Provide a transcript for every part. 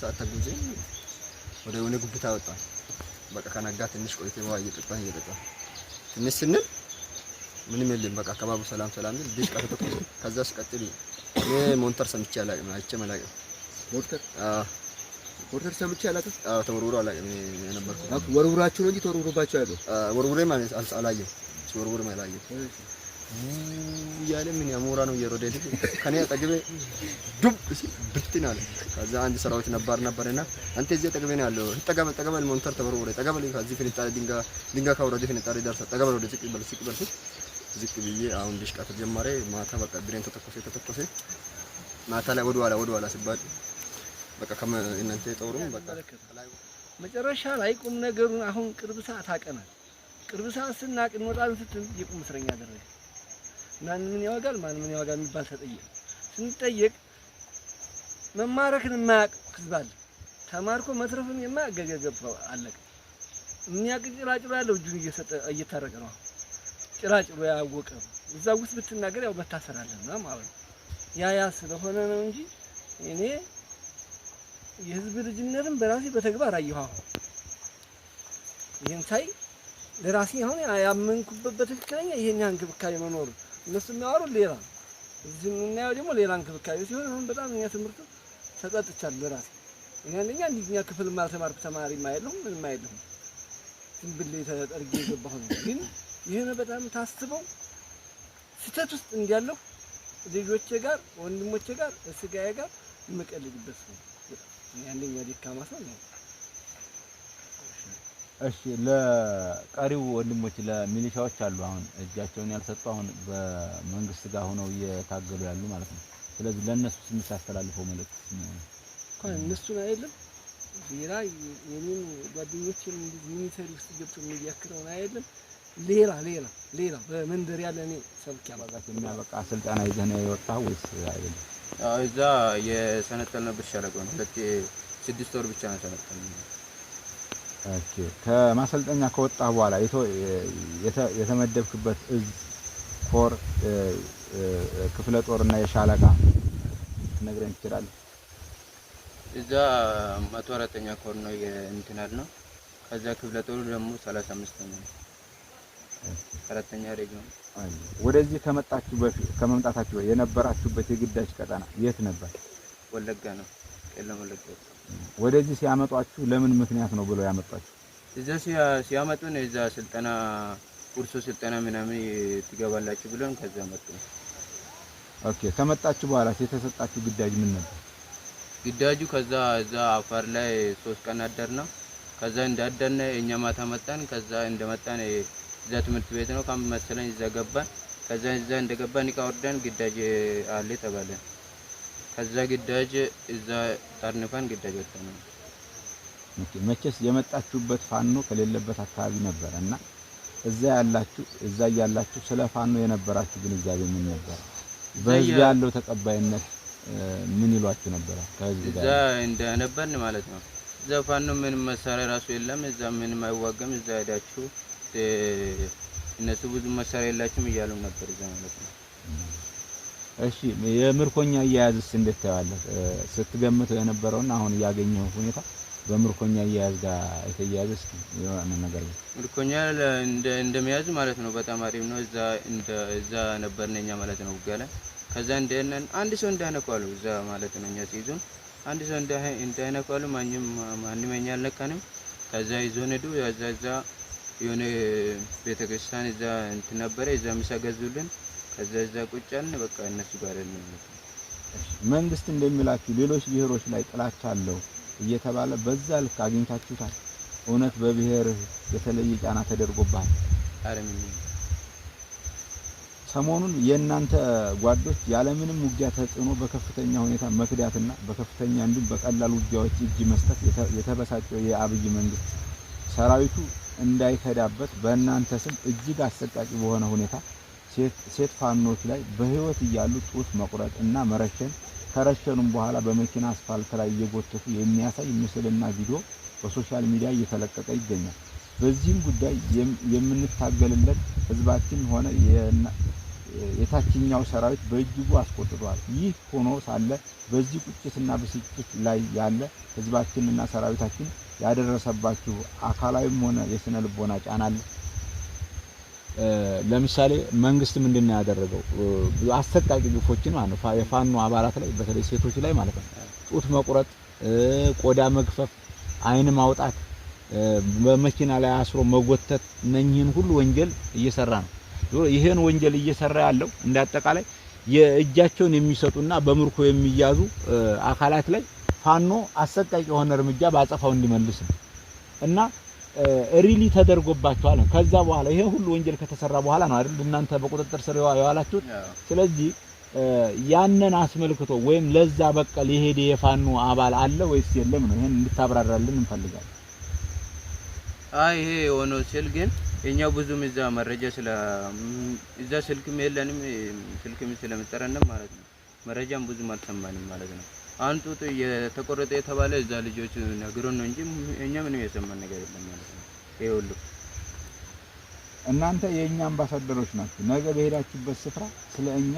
ሰዓት ተጉዜ ወደ የሆነ ጉብታ ወጣን። በቃ ከነጋ ትንሽ ቆይቴ ውሃ እየጠጣን እየጠጣን ትንሽ ስንል ምንም የለም። በቃ አካባቢው ሰላም ሰላም ነው። ልጅ ቀርቶ ከዛ ሲቀጥል ሞንተር ሰምቼ አላውቅም፣ አይቼም አላውቅም። ሞንተር አዎ፣ ሞንተር ሰምቼ አላውቅም። አዎ፣ ተወርውሮ አላውቅም የነበርኩት። ወርውራችሁ ነው እንጂ ተወርውሮባችሁ ያለው? ወርውሬም አላየሁም፣ ሲወርውርም አላየሁም። እያለ ምን ያሞራ ነው እየሮደ ልጅ ከኔ አጠገቤ ዱብ ብትን አለ። ከዛ አንድ ሰራዊት ነባር ነበርና አንተ እዚህ አጠገቤ ነው ያለው ጠገበል ተቀበል፣ ሞንተር ተበሩ ወደ ተቀበል፣ ከዚህ ፍንጣሪ ድንጋ ድንጋ ከወረደ ፍንጣሪ ደርሰ ጠገበል፣ ወደ ዝቅ በል ዝቅ በል ዝቅ ብዬ አሁን ድሽቃ ተጀመረ። ማታ በቃ ብሬን ተተኮሰ ተተኮሰ። ማታ ላይ ወደ ኋላ ወደ ኋላ ሲባል በቃ ከመ እናንተ ጦሩ በቃ መጨረሻ ላይ ቁም ነገሩን አሁን ቅርብ ሰዓት አቀናል። ቅርብ ሰዓት ስናቅ እንወጣን ስትል የቁም እስረኛ አደረገ። ማን ምን ያወጋል ማን ምን ያወጋል የሚባል ተጠየቅ ስንጠየቅ መማረክን የማያቅ ህዝብ አለ። ተማርኮ መትረፍን የማያገገገብ አለቀ። የሚያውቅ ጭራጭሮ ያለው እጁን እየሰጠ እየታረቀ ነው። ጭራጭሮ ያወቀ እዛ ውስጥ ብትናገር ያው መታሰራለን ነው ማለት ነው። ያ ያ ስለሆነ ነው እንጂ እኔ የህዝብ ልጅነትን በራሴ በተግባር አየሁ። አሁን ይህን ሳይ ለራሴ አሁን ያመንኩበት በትክክለኛ ይህን ያንክብካቤ መኖሩ እነሱ የሚያወሩት ሌላ እዚህ የምናየው ደግሞ ሌላ እንክብካቤ ሲሆን አሁን በጣም እኛ ትምህርቱ ተጠጥቻለሁ በራሴ እኔ አንደኛ እንዲኛ ክፍል ማልተማርኩ ተማሪ ማየለሁም ምንም አየለሁም ዝም ተጠርጌ የገባሁ ነው። ግን ይህን በጣም ታስበው ስህተት ውስጥ እንዲያለሁ ልጆቼ ጋር ወንድሞቼ ጋር ስጋዬ ጋር የምቀልድበት ነው። አንደኛ ደካማ ሰው ነው። እሺ ለቀሪው ወንድሞች ለሚሊሻዎች አሉ አሁን እጃቸውን ያልሰጡ አሁን በመንግስት ጋር ሆነው እየታገሉ ያሉ ማለት ነው። ስለዚህ ለእነሱ ስንት አስተላልፈው መልእክት እንኳን እነሱን አይደለም ሌላ የኔም ጓደኞችን ሚኒተሪ ውስጥ ገብቶ የሚያክረውን አይደለም ሌላ ሌላ ሌላ በመንደር ያለ እኔ ሰብክ ያባዛት የሚያበቃ ስልጠና ይዘህ ነው የወጣህ ወይስ አይደለም? እዛ የሰነጠልነው ብቻ ነው። ሁለት ስድስት ወር ብቻ ነው ሰነጠልነው ከማሰልጠኛ ከወጣ በኋላ የተመደብክበት እዝ፣ ኮር፣ ክፍለ ጦር እና የሻለቃ ትነግረን ይችላል? እዛ መቶ አራተኛ ኮር ነው የእንትናል ነው። ከዛ ክፍለ ጦሩ ደግሞ ሰላሳ አምስተኛ ነው አራተኛ ሬጅመንት። ወደዚህ ከመጣችሁ በፊት ከመምጣታችሁ የነበራችሁበት የግዳጅ ቀጠና የት ነበር? ወለጋ ነው፣ ቄለም ወለጋ ወደዚህ ሲያመጧችሁ ለምን ምክንያት ነው ብለው ያመጧችሁ? እዛ ሲያመጡን እዛ ስልጠና ቁርሶ ስልጠና ምናምን ትገባላችሁ ብለን ከዛ መጡ። ኦኬ ከመጣችሁ በኋላ የተሰጣችሁ ግዳጅ ምን ነበር? ግዳጁ ከዛ እዛ አፋር ላይ ሶስት ቀን አደርና ከዛ እንዳደርነ እኛ ማታ መጣን። ከዛ እንደመጣን እዛ ትምህርት ቤት ነው ካምፕ መሰለኝ እዛ ገባን። ከዛ እዛ እንደገባን እቃ ወርደን ግዳጅ አለ ተባለን። ከዛ ግዳጅ እዛ ጠርንፈን ግዳጅ ወጥተናል። መቼስ የመጣችሁበት ፋኖ ከሌለበት አካባቢ ነበረ እና እዛ ያላችሁ እዛ እያላችሁ ስለ ፋኖ የነበራችሁ ግንዛቤ ምን ነበር? በህዝብ ያለው ተቀባይነት ምን ይሏችሁ ነበረ? ከህዝብ ጋር እዛ እንደነበርን ማለት ነው። እዛ ፋኖ ምንም መሳሪያ ራሱ የለም፣ እዛ ምንም አይዋጋም፣ እዛ ሄዳችሁ እነሱ ብዙ መሳሪያ የላችሁም እያሉ ነበር እዛ ማለት ነው። እሺ የምርኮኛ አያያዝስ እንዴት ታያለህ? ስትገምተው የነበረውና አሁን ያገኘው ሁኔታ በምርኮኛ አያያዝ ጋር የተያያዘ እስኪ የሆነ ነገር ነው። ምርኮኛ እንደመያዝ ማለት ነው። በጣም አሪፍ ነው። እዛ እንደ እዛ ነበርን እኛ ማለት ነው ውጋ ላይ። ከዛ እንደነን አንድ ሰው እንዳይነኳሉ እዛ ማለት ነው እኛ ሲይዙን አንድ ሰው እንዳይነኳሉ ማንም ማንም እኛ አልነካንም። ከዛ ይዞን ሄዱ። እዛ የሆነ ቤተክርስቲያን እዛ እንትን ነበረ እዛ ምሳ ገዙልን ከዛ እዛ በቃ እነሱ ጋር መንግስት እንደሚላችሁ ሌሎች ብሔሮች ላይ ጥላቻ አለው እየተባለ በዛ ልክ አግኝታችሁታል? እውነት በብሔር የተለየ ጫና ተደርጎባል? ሰሞኑን የእናንተ ጓዶች ያለምንም ውጊያ ተጽዕኖ በከፍተኛ ሁኔታ መክዳትና በከፍተኛ እንዲሁም በቀላል ውጊያዎች እጅ መስጠት የተበሳጨው የአብይ መንግስት ሰራዊቱ እንዳይከዳበት በእናንተ ስም እጅግ አሰቃቂ በሆነ ሁኔታ ሴት ፋኖች ላይ በህይወት እያሉ ጡት መቁረጥ እና መረሸን ከረሸኑም በኋላ በመኪና አስፋልት ላይ እየጎተቱ የሚያሳይ ምስልና ቪዲዮ በሶሻል ሚዲያ እየተለቀቀ ይገኛል። በዚህም ጉዳይ የምንታገልለት ህዝባችን ሆነ የታችኛው ሰራዊት በእጅጉ አስቆጥቷል። ይህ ሆኖ ሳለ በዚህ ቁጭትና ብስጭት ላይ ያለ ህዝባችንና ሰራዊታችን ያደረሰባችሁ አካላዊም ሆነ የስነ ልቦና ጫና ለምሳሌ መንግስት ምንድን ነው ያደረገው? አሰቃቂ ግፎችን ማለት ነው የፋኖ አባላት ላይ በተለይ ሴቶች ላይ ማለት ነው ጡት መቁረጥ፣ ቆዳ መግፈፍ፣ አይን ማውጣት፣ በመኪና ላይ አስሮ መጎተት፣ እነኚህን ሁሉ ወንጀል እየሰራ ነው። ይህን ወንጀል እየሰራ ያለው እንደ አጠቃላይ የእጃቸውን የሚሰጡና በምርኮ የሚያዙ አካላት ላይ ፋኖ አሰቃቂ የሆነ እርምጃ በአጸፋው እንዲመልስ ነው እና ሪሊ ተደርጎባቸዋል። ከዛ በኋላ ይሄ ሁሉ ወንጀል ከተሰራ በኋላ ነው አይደል እናንተ በቁጥጥር ስር የዋላችሁት። ስለዚህ ያንን አስመልክቶ ወይም ለዛ በቀል የሄደ የፋኖ አባል አለ ወይስ የለም ነው? ይሄን እንድታብራራልን እንፈልጋለን። አይ ይሄ ሆኖ ሲል ግን እኛ ብዙም እዛ መረጃ ስለ እዛ ስልክም የለንም ስልክም ስለምጠረንም ማለት ነው መረጃም ብዙም አልሰማንም ማለት ነው። አንጡጥ የተቆረጠ የተባለ እዛ ልጆች ነግሮን ነው እንጂ እኛ ምንም የሰማን ነገር የለም ማለት ነው። ይሄ ሁሉ እናንተ የእኛ አምባሳደሮች ናችሁ። ነገ በሄዳችሁበት ስፍራ ስለ እኛ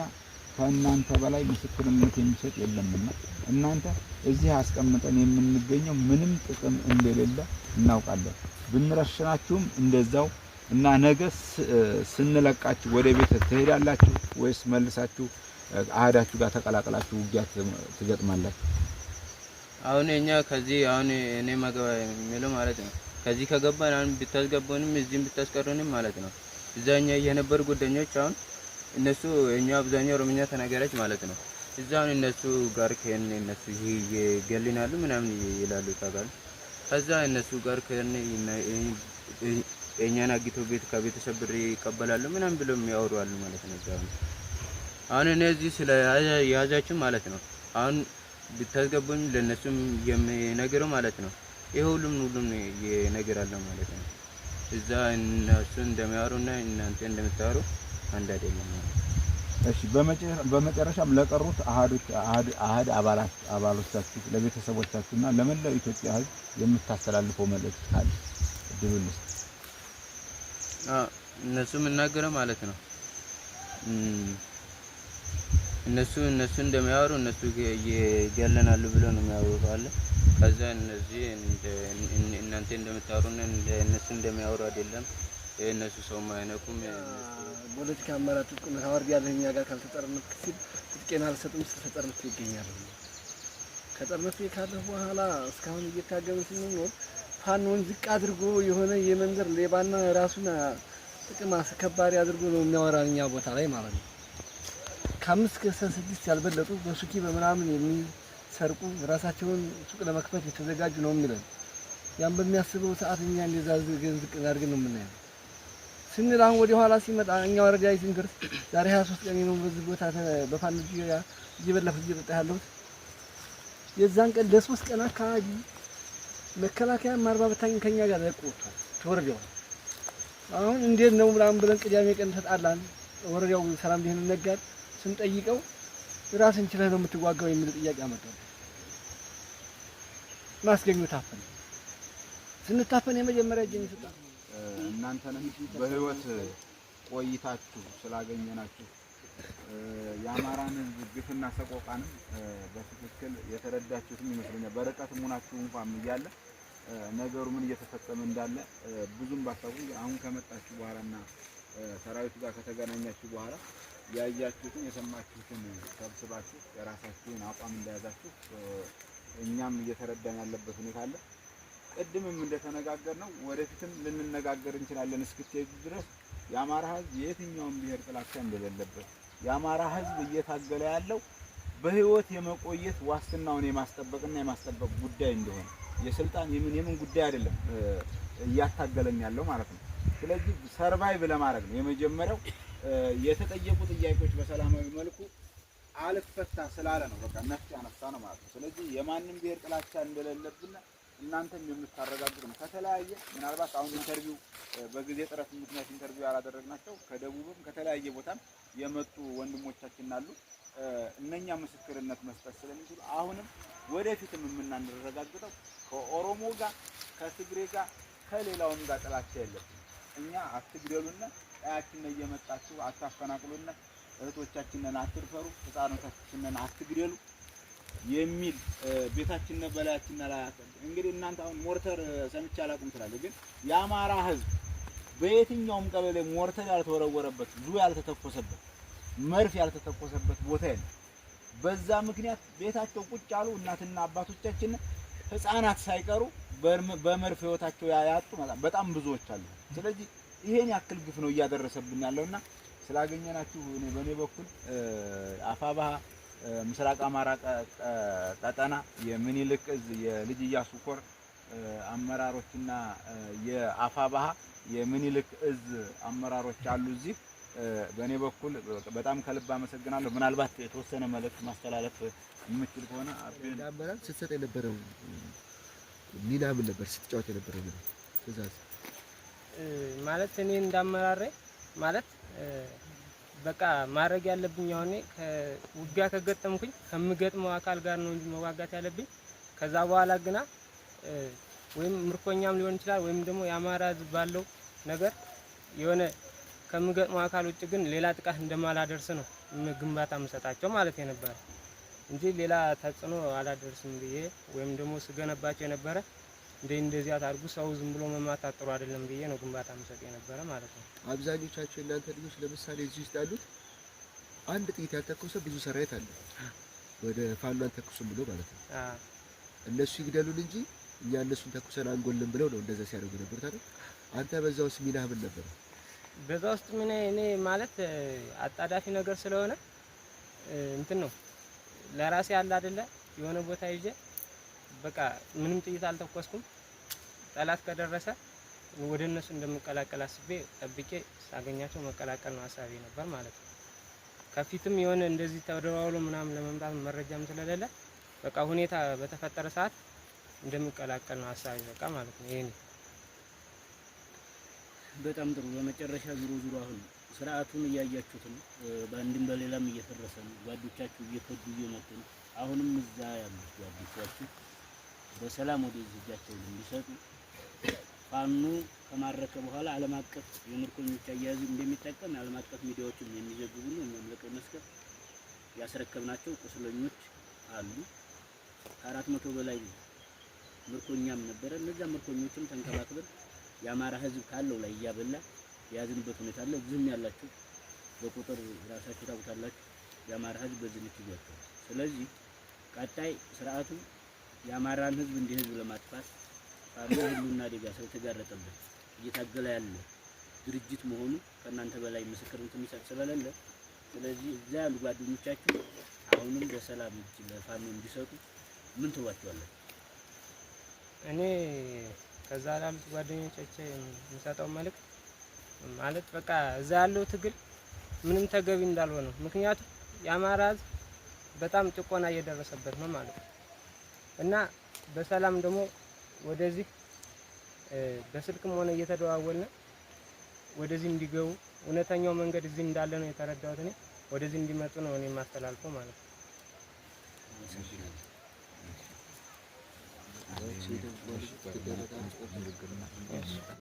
ከእናንተ በላይ ምስክርነት የሚሰጥ የለምና እናንተ እዚህ አስቀምጠን የምንገኘው ምንም ጥቅም እንደሌለ እናውቃለን። ብንረሽናችሁም እንደዛው እና ነገ ስንለቃችሁ ወደ ቤት ትሄዳላችሁ ወይስ መልሳችሁ አህዳችሁ ጋር ተቀላቅላችሁ ውጊያ ትገጥማላችሁ። አሁን እኛ ከዚህ አሁን እኔ መገባ የሚለው ማለት ነው ከዚህ ከገባን አሁን ብታስገቡንም እዚህም ብታስቀሩንም ማለት ነው እዛኛ የነበሩ ጓደኞች አሁን እነሱ እኛ አብዛኛው ኦሮምኛ ተናገራች ማለት ነው አሁን እነሱ ጋር ከን እነሱ ይገልናሉ ምናምን ይላሉ ታውቃል። ከዛ እነሱ ጋር ከን እኛን አግተው ቤት ከቤተሰብ ብር ይቀበላሉ ምናምን ብለው የሚያወሩ አሉ ማለት ነው። አሁን እኔ እዚህ ስለ የያዛችሁ ማለት ነው አሁን ብታስገቡኝ ለነሱም የምነግረው ማለት ነው። ይሄ ሁሉም ሁሉም አለ ማለት ነው። እዛ እነሱ እንደሚያወሩና እናንተ እንደምታወሩ አንድ አይደለም ማለት እሺ በመጨረሻም ለቀሩት አህድ አባላት አባሎቻችሁ ለቤተሰቦቻችሁና ለመላው ኢትዮጵያ ሕዝብ የምታስተላልፈው መልእክት ካለ ድብል እነሱ የምናገረው ማለት ነው እነሱ እነሱ እንደሚያወሩ እነሱ ይገለናሉ ብለው ነው የሚያወሩ አለ። ከዛ እነዚህ እናንተ እንደምታወሩ እነሱ እንደሚያወሩ አይደለም። እነሱ ሰው አይነቁም። ፖለቲካ አመራጭ ቁም ታወር ያለህ እኛ ጋር ካልተጠርነት ሲል ትጥቄን አልሰጥም ስለተጠርነት ይገኛል። ከጠርነት ካለህ በኋላ እስካሁን እየታገበ ስንኖር ፋኖን ዝቅ አድርጎ የሆነ የመንደር ሌባና ራሱን ጥቅም አስከባሪ አድርጎ ነው የሚያወራን እኛ ቦታ ላይ ማለት ነው። ከአምስት ከእስከ ስድስት ያልበለጡ በሱኪ በምናምን የሚሰርቁ ራሳቸውን ሱቅ ለመክፈት የተዘጋጁ ነው የሚለን። ያን በሚያስበው ሰዓት እኛ እንደዛ ዝቅ አድርገን ነው የምናየው ስንል አሁን ወደ ኋላ ሲመጣ እኛ ወረዳ ላይ ዛሬ ሀያ ሶስት ቀን ነው በዚህ ቦታ በፋንጂ እየበላሁት እየጠጣ ያለሁት። የዛን ቀን ለሶስት ቀን አካባቢ መከላከያ አርባ በታኝ ከኛ ጋር ለቆ ወጥቷል ተወርደዋል። አሁን እንዴት ነው ምናምን ብለን ቅዳሜ ቀን ተጣላን። ወረዳው ሰላም ሊሆን ነጋል ስንጠይቀው ራስን ችለህ ነው የምትዋጋው የሚል ጥያቄ አመጣው። ማስገኙ ታፈን ስንታፈን የመጀመሪያ እጅ የሚሰጣት እናንተንም በህይወት ቆይታችሁ ስላገኘናችሁ የአማራን ግፍና ሰቆቃንም በትክክል የተረዳችሁትም ይመስለኛል። በርቀት መሆናችሁ እንኳን እያለ ነገሩ ምን እየተፈጸመ እንዳለ ብዙም ባታውቁም አሁን ከመጣችሁ በኋላና ሰራዊቱ ጋር ከተገናኛችሁ በኋላ ያያችሁትን የሰማችሁትን ሰብስባችሁ የራሳችሁን አቋም እንደያዛችሁ እኛም እየተረዳን ያለበት ሁኔታ አለ። ቅድምም እንደተነጋገር ነው ወደፊትም ልንነጋገር እንችላለን። እስክትሄዱ ድረስ የአማራ ሕዝብ የየትኛውም ብሔር ጥላቻ እንደሌለበት የአማራ ሕዝብ እየታገለ ያለው በህይወት የመቆየት ዋስትናውን የማስጠበቅና የማስጠበቅ ጉዳይ እንደሆነ የስልጣን የምን የምን ጉዳይ አይደለም እያታገለን ያለው ማለት ነው። ስለዚህ ሰርቫይቭ ለማድረግ ነው የመጀመሪያው የተጠየቁ ጥያቄዎች በሰላማዊ መልኩ አልፈታ ስላለ ነው በቃ ነፍስ ያነሳ ነው ማለት ነው። ስለዚህ የማንም ብሔር ጥላቻ እንደሌለብን እናንተም የምታረጋግጡ ነው። ከተለያየ ምናልባት አሁን ኢንተርቪው በጊዜ ጥረት ምክንያት ኢንተርቪው ያላደረግናቸው ከደቡብም ከተለያየ ቦታም የመጡ ወንድሞቻችን አሉ። እነኛ ምስክርነት መስጠት ስለሚችሉ አሁንም ወደፊትም የምናረጋግጠው ከኦሮሞ ጋር ከትግሬ ጋር ከሌላውም ጋር ጥላቻ የለብን። እኛ አትግደሉና ቀያችን ላይ እየመጣችሁ አታፈናቅሉና እህቶቻችንን አትድፈሩ፣ ህፃኖቻችንን አትግደሉ የሚል ቤታችን በላያችን ላይ እንግዲህ እናንተ አሁን ሞርተር ሰምቼ አላውቅም ትላለህ፣ ግን የአማራ ህዝብ በየትኛውም ቀበሌ ሞርተር ያልተወረወረበት ዙ ያልተተኮሰበት መርፍ ያልተተኮሰበት ቦታ የለም። በዛ ምክንያት ቤታቸው ቁጭ አሉ። እናትና አባቶቻችን ህፃናት ሳይቀሩ በመርፍ ህይወታቸው ያጡ በጣም ብዙዎች አሉ። ስለዚህ ይሄን ያክል ግፍ ነው እያደረሰብን ያለውና ስላገኘናችሁ እኔ በእኔ በኩል አፋባሃ ምስራቅ አማራ ቀጠና የሚኒልክ እዝ የልጅ ኢያሱ ኮር አመራሮችና የአፋባሃ የሚኒልክ እዝ አመራሮች አሉ እዚህ። በእኔ በኩል በጣም ከልብ አመሰግናለሁ። ምናልባት የተወሰነ መልእክት ማስተላለፍ የምችል ከሆነ ስትሰጥ የነበረው ሚና ምን ነበር? ስትጫወት የነበረው ትእዛዝ ማለት እኔ እንዳመራሬ ማለት በቃ ማድረግ ያለብኝ አሁን ውጊያ ከገጠምኩኝ ከምገጥመው አካል ጋር ነው እንጂ መዋጋት ያለብኝ። ከዛ በኋላ ግና ወይም ምርኮኛም ሊሆን ይችላል ወይም ደግሞ የአማራ ባለው ነገር የሆነ ከምገጥመው አካል ውጭ ግን ሌላ ጥቃት እንደማላደርስ ነው ግንባታ የምሰጣቸው ማለት የነበረ እንጂ ሌላ ተጽዕኖ አላደርስም ብዬ ወይም ደግሞ ስገነባቸው የነበረ እንደ እንደዚህ አታርጉ፣ ሰው ዝም ብሎ መማት አጥሩ አይደለም ብዬ ነው ግንባታ መሰጥ የነበረ ማለት ነው። አብዛኞቻችሁ እናንተ ልጆች ለምሳሌ እዚህ ውስጥ ያሉት አንድ ጥይት ያልተኮሰ ብዙ ሰራዊት አለ፣ ወደ ፋኖ አልተኩሱም ብሎ ማለት ነው። እነሱ ይግደሉን እንጂ እኛ እነሱን ተኩሰን አንጎልም ብለው ነው እንደዛ ሲያደርጉ ነበር። ታዲያ አንተ በዛ ውስጥ ሚናህ ምን ነበር? በዛ ውስጥ ምን እኔ ማለት አጣዳፊ ነገር ስለሆነ እንትን ነው ለራሴ አለ አይደለ የሆነ ቦታ ይዤ በቃ ምንም ጥይት አልተኮስኩም። ጠላት ከደረሰ ወደ እነሱ እንደምቀላቀል አስቤ ጠብቄ ሳገኛቸው መቀላቀል ነው ሀሳቤ ነበር ማለት ነው። ከፊትም የሆነ እንደዚህ ተደዋውሎ ምናምን ለመምጣት መረጃም ስለሌለ በቃ ሁኔታ በተፈጠረ ሰዓት እንደምቀላቀል ነው ሀሳቤ በቃ ማለት ነው። ይሄን በጣም ጥሩ። በመጨረሻ ዙሮ ዙሮ አሁን ስርዓቱን እያያችሁት ነው። በአንድም በሌላም እየፈረሰ ነው። ጓዶቻችሁ እየከዱ እየመጡ ነው። አሁንም እዛ ያሉት ጓዶቻችሁ በሰላም ወደ እጃቸውን እንዲሰጡ ፋኖ ከማረከ በኋላ ዓለም አቀፍ የምርኮኞች አያያዙ እንደሚጠቀም ዓለም አቀፍ ሚዲያዎችም የሚዘግቡ ነው። እኛም ለቀይ መስቀል ያስረከብናቸው ቁስለኞች አሉ። ከአራት መቶ በላይ ምርኮኛም ነበረ። እነዚያ ምርኮኞችም ተንከባክበን የአማራ ሕዝብ ካለው ላይ እያበላ የያዝንበት ሁኔታ አለ። ዝም ያላችሁ በቁጥር ራሳችሁ ታውቃላችሁ። የአማራ ሕዝብ በዚህ ልክ ስለዚህ ቀጣይ ስርዓቱ የአማራን ህዝብ እንደ ህዝብ ለማጥፋት ፋኖ ሁሉና አደጋ ስለተጋረጠበት እየታገለ ያለ ድርጅት መሆኑ ከእናንተ በላይ ምስክርነት የሚሰጥ ስለሌለ፣ ስለዚህ እዛ ያሉ ጓደኞቻችሁ አሁንም በሰላም እጅ ለፋኖ እንዲሰጡ ምን ትሏቸዋለን? እኔ ከዛ ላሉት ጓደኞቻቼ የምሰጠው መልእክት ማለት በቃ እዛ ያለው ትግል ምንም ተገቢ እንዳልሆነ፣ ምክንያቱም የአማራ ህዝብ በጣም ጭቆና እየደረሰበት ነው ማለት ነው። እና በሰላም ደግሞ ወደዚህ በስልክም ሆነ እየተደዋወልን ወደዚህ እንዲገቡ እውነተኛው መንገድ እዚህ እንዳለ ነው የተረዳሁት። እኔ ወደዚህ እንዲመጡ ነው እኔ የማስተላልፈው ማለት ነው።